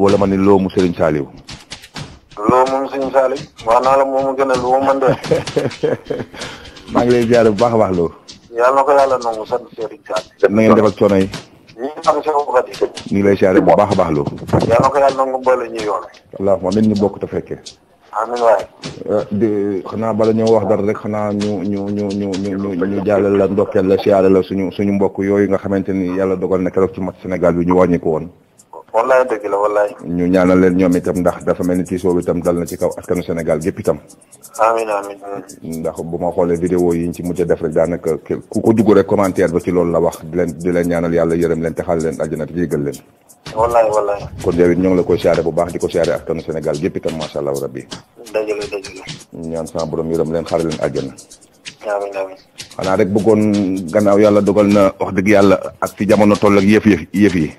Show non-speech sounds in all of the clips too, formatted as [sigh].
wala ma ne loomu Serigne Saliou. loo moom Serigne Saliou. wax naa la moom gën a lu [laughs] maa ngi lay ziar bu baax baax loo. yàlla na ko yàlla nangu sant def ak yi. ñu ngi am seen waxat ñu lay ziar bu baax a baax loo. yàlla na bokk te fekkee. amiin waay. Euh, di xanaa bala ñoo wax dara rek xanaa ñu ñu ñu ñu ñu ñu jàllale la ndokkeel la siyaare la suñu suñu mbokk yooyu nga xamante ni yàlla dogal na keroog ci match Sénégal bi ñu wàññi ko woon. wallaay dëgg la wallaay. ñu ñaanal leen ñoom itam ndax dafa mel ni tiisoo bi itam dal na ci kaw askanu Sénégal gépp itam. amiin amiin. ndax bu ma xoolee vidéo yi ñu ci mujj a def rek daanaka ku ko dugg rek commentaire ba ci loolu la wax di leen di leen ñaanal yàlla yërëm leen taxal leen àjjana te jégal leen. wallaay wallaay. kon yow it ñoo ngi la koy siyaare bu baax di ko siyaare askanu Sénégal gépp itam macha allah rabbi. dëgg la dëgg la. ñaan sama borom yërëm leen xaar leen àjjana. amiin amiin. xanaa rek bëggoon gannaaw yàlla dogal na wax dëgg yàlla ak fi jamono toll ak yëf yëf yëf yi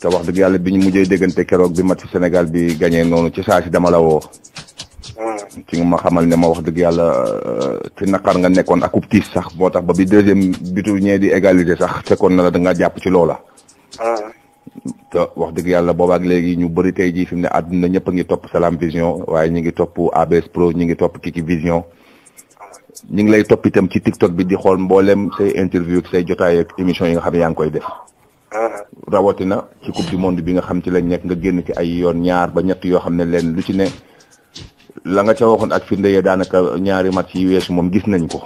te wax dëgg yàlla bi ñu mujjee déggante keroog bi match Sénégal bi gagné noonu ci saa si dama la woo. Hmm. ci nga ma xamal ne ma wax dëgg yàlla euh, ci naqar nga nekkoon ak ub tiis sax moo tax ba bi deuxième bitu ñee di égaliser sax fekkoon na la da nga jàpp ci loola. Hmm. te wax dëgg yàlla boobaak léegi ñu bari tey jii fi mu ne àdduna ñëpp a ngi topp Salam Vision waaye ñu ngi topp ABS Pro ñu ngi topp Kiki Vision. ñu ngi lay topp itam ci TikTok bi di xool mboolem say interview say jotaay ak yi nga xam ne yaa rawatina ci coupe du monde bi nga xam ci la nekk nga génn ci ay yoon ñaar ba ñett yoo xam ne leen lu ci ne la nga ca waxoon ak firnde ya daanaka ñaari match yi weesu moom gis nañ ko.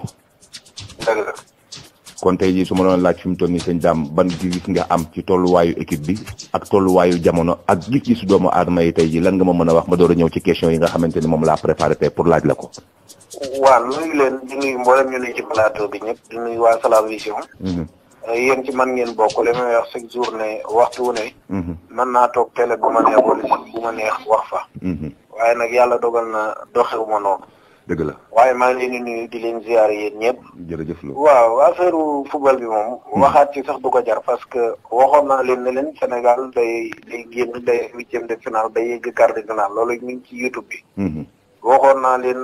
kon tey jii su ma doon laaj fi mu toll nii sëñ Dame ban gis nga am ci tolluwaayu équipe bi ak tolluwaayu jamono ak gis-gisu doomu aadama yi tey jii lan ma mën a wax ma door a ñëw ci question yi nga xamante ni moom laa préparé tey pour laaj la ko. waaw nuyu Euh, yéen ci man ngeen bokk li may wax chaque jour ne waxtu wu ne man mhm. naa toog télé bu ma neex wala bu ma neex wax fa mhm. waaye nag yàlla dogal na doxewu ma noonu dëgg la waaye maa ngi leen di nuyu di leen ziare yéen ñëpp waaw affaire football bi moom mhm. waxaat ci sax du ko jar parce que waxoon naa leen ne leen Sénégal day day génn day huitième de finale day yegg quart de finale loolu mi ci YouTube bi waxoon naa leen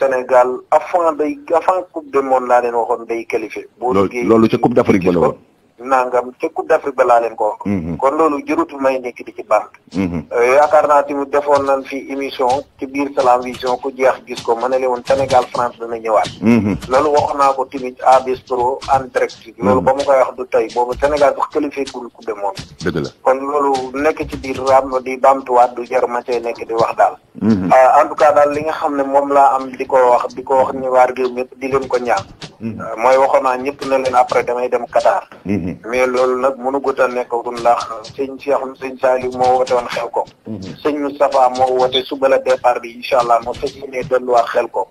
Sénégal avant day avant coupe du monde laa leen waxoon day qualifié. boo liggéey loolu ca coupe d'Afrique ba la woon. nangam te Coupe d'Afrique ba laa leen ko wax mhm. kon loolu jërutu may nekk di ci bant mhm. euh, yaakaar naa tamit defoon nañ fi émission ci biir Salam Vision ku jeex gis ko ma ne woon Sénégal France dana ñëwaat mhm. loolu wax naa ko tamit ABS Pro en direct loolu ba ma koy wax du tey boobu Sénégal sax qualifié gul de monde dëgg kon loolu nekk ci biir ram di bamtuwaat du jar ma cay nekk di wax daal euh, en tout cas daal li nga xam ne moom laa am di ko wax di ko wax ni waar réew di leen ko ñaan Mm-hmm. Euh, mooy waxoon naa na leen après damay dem Qatar. Mm-hmm. mais loolu nag mënu gut a nekkagum ndax sëñ Cheikh sëñ Saliou moo woote woon xel ko. Mm-hmm. sëñ Moustapha moo woote suba la départ bi incha allah moo fekk ñu ne ko.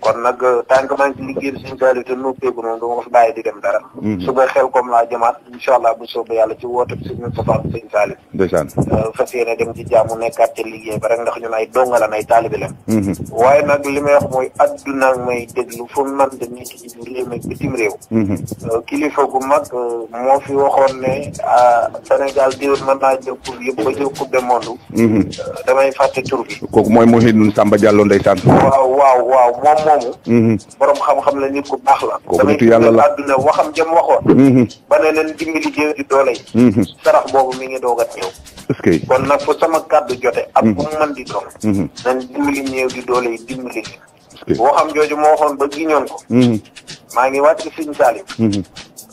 kon nag euh, tànk maa ngi ko fi bàyyi di dem dara. suba xel koom laa jëmaat incha allah bu soobee yàlla ci woote bi euh, ci jàmm nekkaat ci liggéey ba rek ndax ñun ay donga ay taalibi leen. waaye nag li may wax mooy adduna may déglu fu man de nit réew ak bitim réew. Mhm. Euh, kilifa gu mag euh, moo fi waxoon ne Sénégal diwén mën naa jël coupe yëpp ba jël coupe du monde. Mhm. Euh, damay fàtte tur bi. kooku mooy Mouhidine Samba Diallo ndeysaan. waaw waaw waaw moom moomu. Mhm. borom xam-xam la nit ku baax la. kooku nitu yàlla la àdduna waxam jëm waxoon. ba ne leen dimbali jéew di doole yi. sarax boobu mi nga doog a ñëw. est kon nag fu sama kàddu jote ak bu mu di doon. nañ dimbali ñëw di doole yi dimbali. waxam jooju moo waxoon ba giñoon ko mm-hmm. maa ngi wàcc Sëñ Saaliw mm-hmm.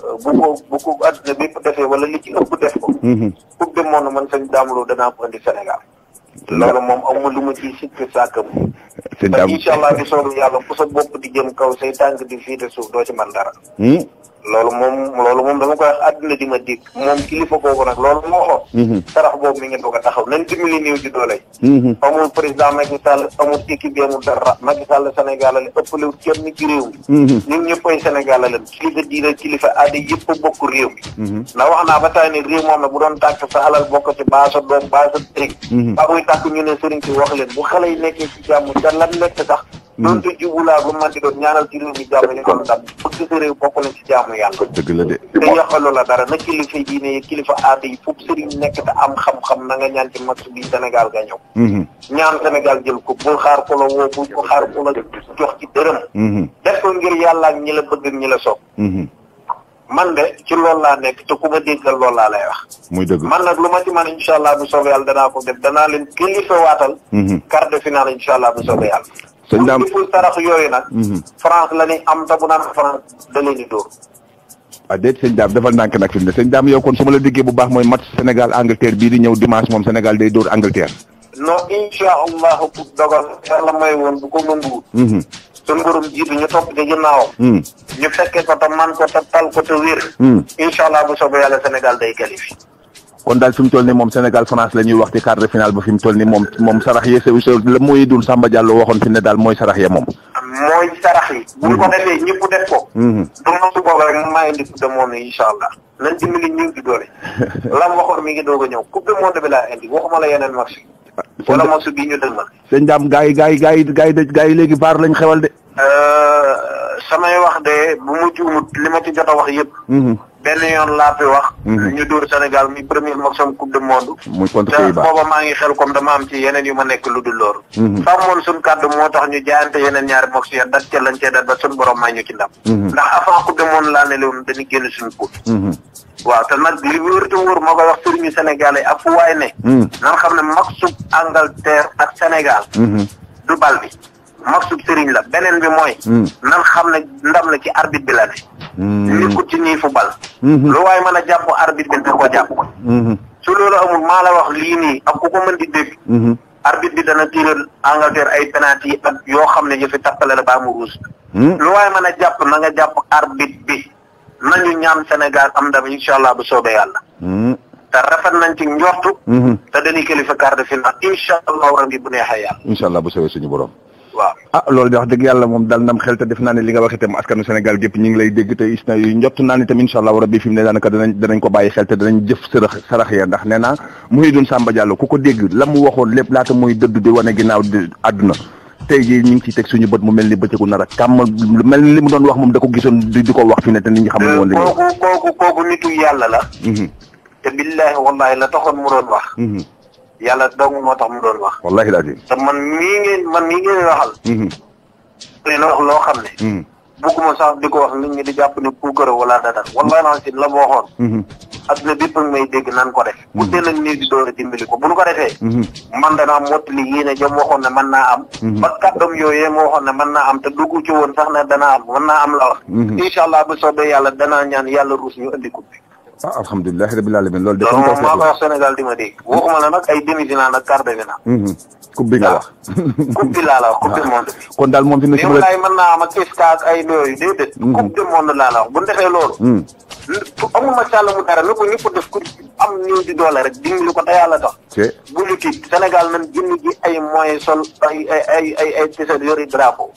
euh, bu ko bu ko àdduna bépp defee wala li ci ëpp def ko mm-hmm. coupe du monde man sëñ Dame Lo danaa ko indi Sénégal loolu moom a lu ma ci sikk sàkkam te incha allah bi soobee yàlla ku sa bopp di jëm kaw say tànk di fiite suuf doo ci man dara hmm? loolu moom loolu moom dama koy wax àdduna di ma dikk mm-hmm. moom kilifa googu nag loolu moo xool mm-hmm. sarax boobu mi ngi doog a taxaw nañ dimbali néew ji doole mm-hmm. amul président Macky Sall amul équipe bi amul dara Macky Sénégal la ëppale wut kenn ci réew mi ñun ñëpp Sénégal la kilifa diina kilifa aada yëpp bokk réew mi ndax wax naa ba tey ne réew moom la bu doon tàkk sa alal bokk ci baa sa doom baa sa dëkk baa muy wax leen bu xale yi nekkee ci jàmm ca lan nekk sax donte hmm. jubulaa ba man di doon ñaanal ci réew mi jàmm ni doon dam bëgg sa réew bokk ci jaamu yàlla dara na kilifa diine yi kilifa aada yi sëriñ nekk te am xam-xam na nga ñaan ci match bi Sénégal ga ñëw hmm. ñaan Sénégal jël ko bul xaar ko la woo bul ko xaar ko la jox ci dërëm hmm. def ko ngir yàlla ak ñi la bëgg ak la sopp man de ci loolu laa nekk te ku ma déggal loolu lay wax. muy dëgg man nag lu ma ci man incha allah bu soobee yàlla danaa ko def danaa leen kilifa waatal. quart de finale sëñ Dame yooyu nag. Mhm. France la am ta bu naan France da leen di dóor. ah déet sëñ Dame defal ndànk nag fi ne sëñ Dame yow kon su déggee bu baax mooy mat Sénégal Angleterre bii di ñëw dimanche moom Sénégal day dóor Angleterre. non incha allahu ku dogal yàlla may woon bu ko nanguwul. Mhm. suñu borom jiitu ñu topp ci ginnaawam. Mhm. ñu fekkee ko te man ko te tal ko te wér. incha allah bu soobee yàlla Sénégal day qualifié. kon daal fi mu toll nii moom Sénégal France la ñuy wax ci quart de finale ba fi mu toll moom sarax yi la mooy dun Samba Diallo waxoon fi ne daal mooy sarax ya moom. mooy sarax yi. bu ñu ko mm-hmm. defee ñëpp def ko. Mm-hmm. du ma su boobaa rek maa indi coupe du monde incha allah. nañ dimbali ñu ngi doole. [laughs] lam waxoon mi ngi doog a lañ xewal de. Euh, samay wax de bu ma juumut li ma ci a wax yëpp. Mm-hmm. benn yoon laa fi wax. Mhm. ñu dóor Sénégal muy premier maximum coupe du monde. muy booba maa ngi xel comme dama am ci yeneen yu ma nekk lu dul loolu. Mhm. sàmmoon suñ kàddu moo tax ñu jaayante yeneen ñaari mox ya dat ca lañ cee dat ba suñ borom maa ñu ci ndam. Mhm. ndax avant coupe du monde laa ne leen dañuy waaw te nag li wóor te wóor moo koy wax sëriñu Sénégalais ak fu waay ne. nan xam ne maxub Angleterre ak Sénégal. du bal bi maxub sëriñ la beneen bi mooy. nan xam ne ndam la ci arbitre bi la ne. li mm-hmm. ku ci nii football. Mm-hmm. lu waaye mën a jàpp arbitre bi da ko jàpp. Mm-hmm. su loolu amul maa la wax lii nii ak ku ko mën di dégg. arbitre bi dana tiiral Angleterre ay penalty yoo xam ne yëfi tappale la baa mu ruus. lu waaye mën a jàpp nanga jàpp arbitre bi nañu ñaan Sénégal am ndam incha allah bu soobee yàlla. te rafet nañ ci njortu. te dañuy qualifier quart de finale incha allah war bu neexee yàlla. incha bu soobee suñu borom. waaw ah loolu de wax dëgg yàlla moom daal nam xel te def naa ne li nga wax itam askanu Sénégal gépp ñu ngi lay dégg te is na njott naa ne itam insha allah rabbi fi mu ne daanaka danañ danañ ko bàyyi xel te danañ jëf sarax sarax ya ndax nee naa Mouhidine Samba Diallo ku ko dégg la mu waxoon lépp laata muy dëdd di wane ginnaaw àdduna tey jii ñu teg suñu bët mu mel ni bëccëgu nar a kàmm lu mel ni li mu doon wax moom da ko gisoon di ko wax fi ne te nit ñi xamuñu woon li eh, kooku kooku kooku nitu yàlla la mhm. te billaahi wallaahi yàlla dong moo tax mu doon wax. wallaahi laa te man mii ngeen man mii ngeen waxal. Mm-hmm. tey na wax loo xam ne. Mm-hmm. bëgguma sax di ko wax nit ñi di jàpp ne puukare wala dara wallaahi naa si la ma waxoon. Mm-hmm. adduna bépp ngi may dégg nan ko def. bu dee nag nii di door a dimbali ko bu nu ko defee. man danaa mottali yéene jëm waxoon ne mën naa am. ba kàddam yooyee ma waxoon ne mën naa am te dugg ci woon sax ne danaa am mën naa am la wax. incha allah bu soobee yàlla danaa ñaan yàlla ruus ñu andi ko ah alhamdulilah rabbil alamin loolu de. kon loolu maa koy wax Sénégal di ma dégg. waxuma la nag ay demi-finale nag quart de finale. coupe bi nga wax. coupe bi laa la wax coupe du monde bi. kon daal moom fi mu ne. yow daay mën naa am ak ISCAC ay yooyu déedéet. coupe du monde laa la wax bu ñu defee loolu. amul ma sàll mu dara na ko ñëpp def ku am ñëw di doole rek dimbali ko te yàlla tax. bu ñu tiit Sénégal nañ jënd ji ay moyens sol ay ay ay ay ay t-shirt yori drapeau.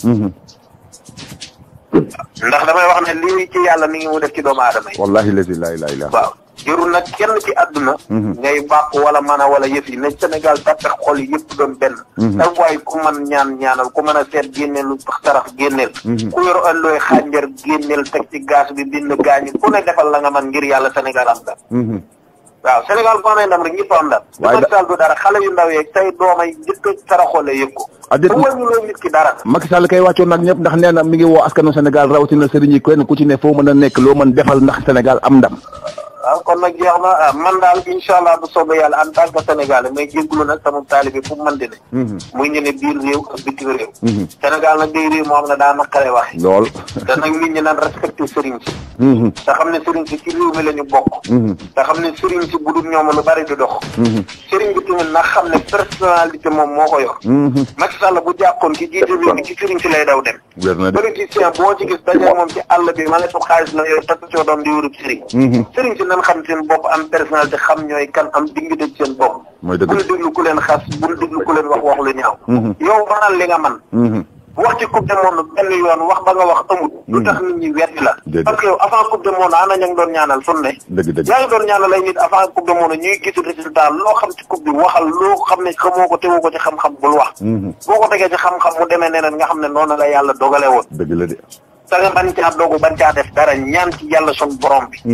ndax damay wax ne lii ci yàlla mi ngi mu def ci doomu aadama yi. wallaahi la ilaha illa waaw jërul nag kenn ci àdduna. Mhm. ngay bàq wala mana wala yëf yi na Sénégal tattax xol yi yëpp doon benn. daf mhm. waay ku man ñaan ñaanal ku mën a seet génneel lu tarax génneel. Mhm. ku yor allooy xànjar génneel teg ci gaz bi bind gaañu ku ne defal la nga man ngir yàlla Sénégal am waaw Sénégal bu amee ndam rek ñëpp am ndam. waaye da du dara xale yu ndaw yeeg tey doomay njëkk a ko. addina bu wàññi loo nit ki dara. Macky Sall kay wàccoon ñëpp ndax nee na mi ngi woo askanu Sénégal rawatina sëriñ yi kenn ku ci ne foo mën a nekk loo mën defal ndax Sénégal am ndam. waaw ah, kon nag jeex na ah, man daal incha allah bu soobee yàlla en tant que sénégalais may jégalu nag sama taalibe fu mu mën di ne. Mhm. muy ñu ne biir réew ak bitim réew. Mhm. Sénégal nag day réew moo xam ne daa naqaree wax. lool te nag nit ñi naan respecté sëriñ si. Mhm. te xam ne sëriñ si ci réew mi la bokk. te xam ne sëriñ si bu dul ñoom lu bari du dox. sëriñ bi tamit nag xam ne personnalité moom moo ko yor. Macky Sall bu jàppoon ci jiite réew mi ci sëriñ si lay daw dem. wér na de politicien boo ci gis moom ci àll bi ma ne ko xaalis la yor nañ xam seen bopp am personnalité xam ñooy kan am dignité ci seen bopp. mooy dëgg bul déglu ku leen xas bul déglu ku leen wax wax lu ñaaw. Mhm. yow manal li nga man mhm. wax ci coupe du monde benn yoon wax ba nga wax amul. lu mhm. tax nit ñi weddi la. parce que yow avant coupe du monde ana ña ngi doon ñaanal ne. dëgg dëgg yaa ngi doon avant coupe du monde ñu ngi gisul résultat loo xam ci coupe bi waxal loo xam ne xamoo ko tewoo ko ci xam-xam bul wax. boo ko tegee ci xam-xam mu demee neneen nga xam ne noonu la yàlla dogalee danga ban caa dogu ban caa def dara ñaan ci yàlla sun borom bi. tax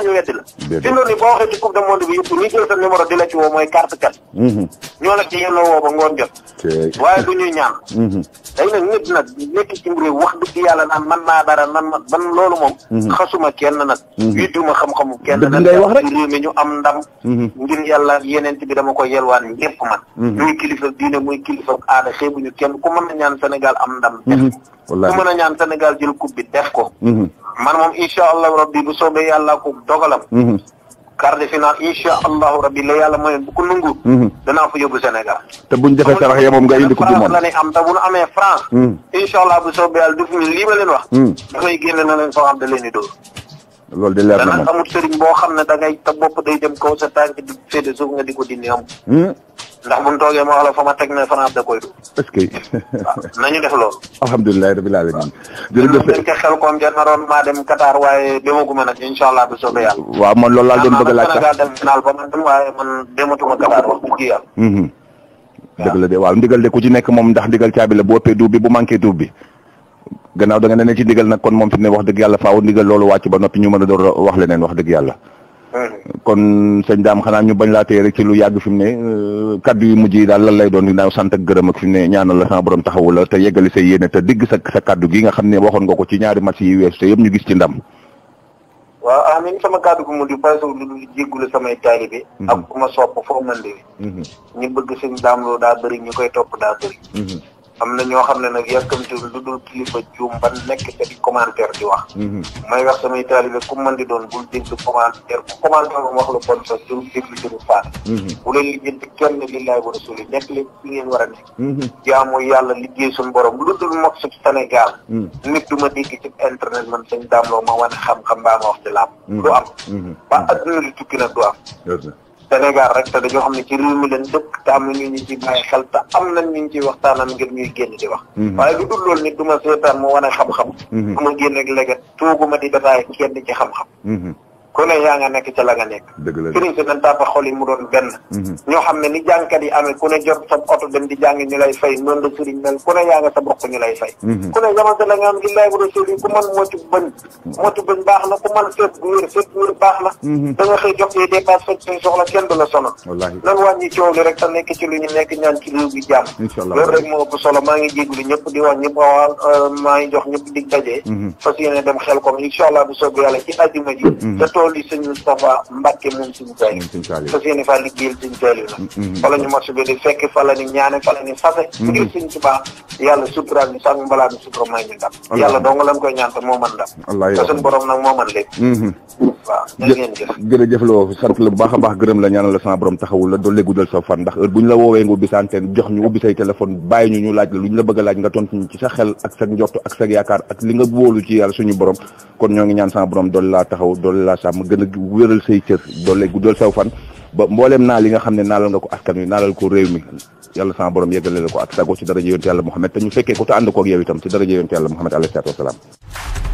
ñu weddi la. fi loolu boo waxee ci coupe du monde bi yëpp ñu jël sa numéro di la ci woo mooy carte kat. Mhm. ñoo la ci yéen woo ba ngoon jot. waaye du ñuy ñaan. day mhm. nag nit nag nekk wax dëgg yàlla naan man maa dara man loolu moom. Mhm. xasuma kenn nag. wittuma xam-xamu kenn nag. dëgg ngay wax rek am ndam mhm. ngir yàlla yeneen bi dama koy yelwaan ñëpp man mhm. muy kilifa diine muy kilifa aada xeebuñu kenn ku mën a ñaan senegal am ndam def mhm. ku mën a ñaan senegal jël coupe bi def ko man moom incha allahu rabbi bu soobee yàlla ko dogalam quart de finale incha allahu rabbi la yàlla mooy bu ko nangu danaa fa yóbbu Sénégal te buñ defee sarax ya moom nga indi coupe du monde la ne am te bu nu amee France incha allah bu soobee yàlla du fi ñu leen wax dafay génn na leen soo leen di loolu de leer na moom amul sëriñ boo xam ne da ngay te bopp day jëm kaw sa tànk di féete suuf nga di ko dindi amul. Hmm? ndax bu ñu toogee ma wax la ma teg ne France da koy dugg. est-ce que. nañu def loolu. alhamdulilah rabbil alamin. jërëjëf man man xel koom jar na doon maa dem Qatar waaye demaguma nag incha allah du soobee yàlla. waaw man loolu laa doon bëgg a laaj sax man dem final ba man waaye man dematuma Qatar wax dëgg yàlla. Hmm, hmm. dëgg la de waaw ndigal de ku ci nekk moom ndax ndigal caabi la bu ëppee duub bi bi. gannaaw danga nga ne ne ci ndigal nag kon moom fi ne wax dëgg yàlla faaw ndigal loolu wàcc ba noppi ñu mën a door wax leneen wax dëgg yàlla. kon sëñ daam xanaa ñu bañ laa téye rek ci lu yàgg fi mu ne euh, kaddu yi mujj yi daal lan lay doon ginnaaw sant ak gërëm ak fi mu ne ñaanal la sama borom taxawu la te yeggali sa yéene te digg sa sa kaddu gi nga xam ne waxoon nga ko ci ñaari match yi weesu te yëpp ñu gis ci ndam. waaw amiin sama kaddu gu mujj parce que lu jéggulu samay taalibe mhm. ak ku ma sopp foo mën di mhm. ñu bëgg sëñ daam loo daa bëri ñu koy topp am na ñoo xam ne nag yàkkamtiwul lu dul kilifa juum ba nekk ca di commentaire di wax. Mhm. may wax samay taalibe ku di doon commentaire bu commentaire bu wax la bon sax jëm déglu jëm mhm. faat. bu leen lijjanti kenn lillaay wa rasuli nekk leen fi ngeen war a nekk. Mhm. yàlla liggéey suñu boroom lu dul mokk su Sénégal. nit du ma dégg ci internet man sañ daamloo ma wan xam-xam mbaa ma wax ci làmb. du am. ba adduna li tukki nag du am. Sénégal rek te dañoo xam ne ci réew leen dëkk te am na ñu ñu ciy bàyyi xel te am nañ ñu ñu ciy waxtaanal ngir ñuy génn di wax. Mhm. waaye lu dul loolu nit du ma seetaan mu xam-xam. Mhm. du ma génn ak léegi tuuguma di dataay kenn ci xam-xam. Mhm. ku ne yaa nga nekk ca la nga nekk sëriñ si dañ tàppa xol yi mu doon benn mhm. ñoo xam ne ni jàngkat yi amee ku ne jot sa oto dem di jàng ñu lay ne yaa sa bokk ñu lay fay ku ne yamal sa la mhm. nga am gi lay wara sëriñ ku mën motu bañ motu bañ baax na ku mën mhm. da nga xëy jox yi dépasse fekk suñ soxla kenn du la sonal nan wàññi coow rek te nekk ci nekk ñaan ci bi jàmm loolu rek moo ëpp solo maa ngi jéglu ñëpp di wax ñëpp maa ngi jox ñëpp dig dajee fas yéene dem xel comme incha bu soobee yàlla ci ajuma ji tool yi sëñ Moustapha Mbacke moom suñu tool yi fas yéene faa liggéeyal suñu tool yi la fa la ñu marché bi di fekk fa la ñaane fa la ñu sase bu mm-hmm. dee sëñ Tuubaa yàlla suturaal ñu sàng mbalaa sutura may ñu ndam yàlla dong lañ koy ñaan te ndam te suñu borom nag moo mën lépp mm-hmm. jërëjëf loo sant la bu baax a baax gërëm la ñaanal la sama borom taxawul la doole guddal sa fan ndax heure bu ñu la woowee nga ubbi sa antenne jox ñu ubbi say téléphone bàyyi ñu ñu laaj la lu ñu la bëgg laaj nga tontu ci sa xel ak sa njort ak sa yaakaar ak li nga wóolu ci yàlla suñu borom kon ñoo ngi ñaan sama borom doole laa taxaw doole laa sàmm gën a wéral say cër doole guddal sa fan ba mbooleem naa li nga xam ne naalal nga ko askan wi naalal ko réew mi yàlla ñu fekkee ko te ànd ko ak yow itam ci daraja yonte yàlla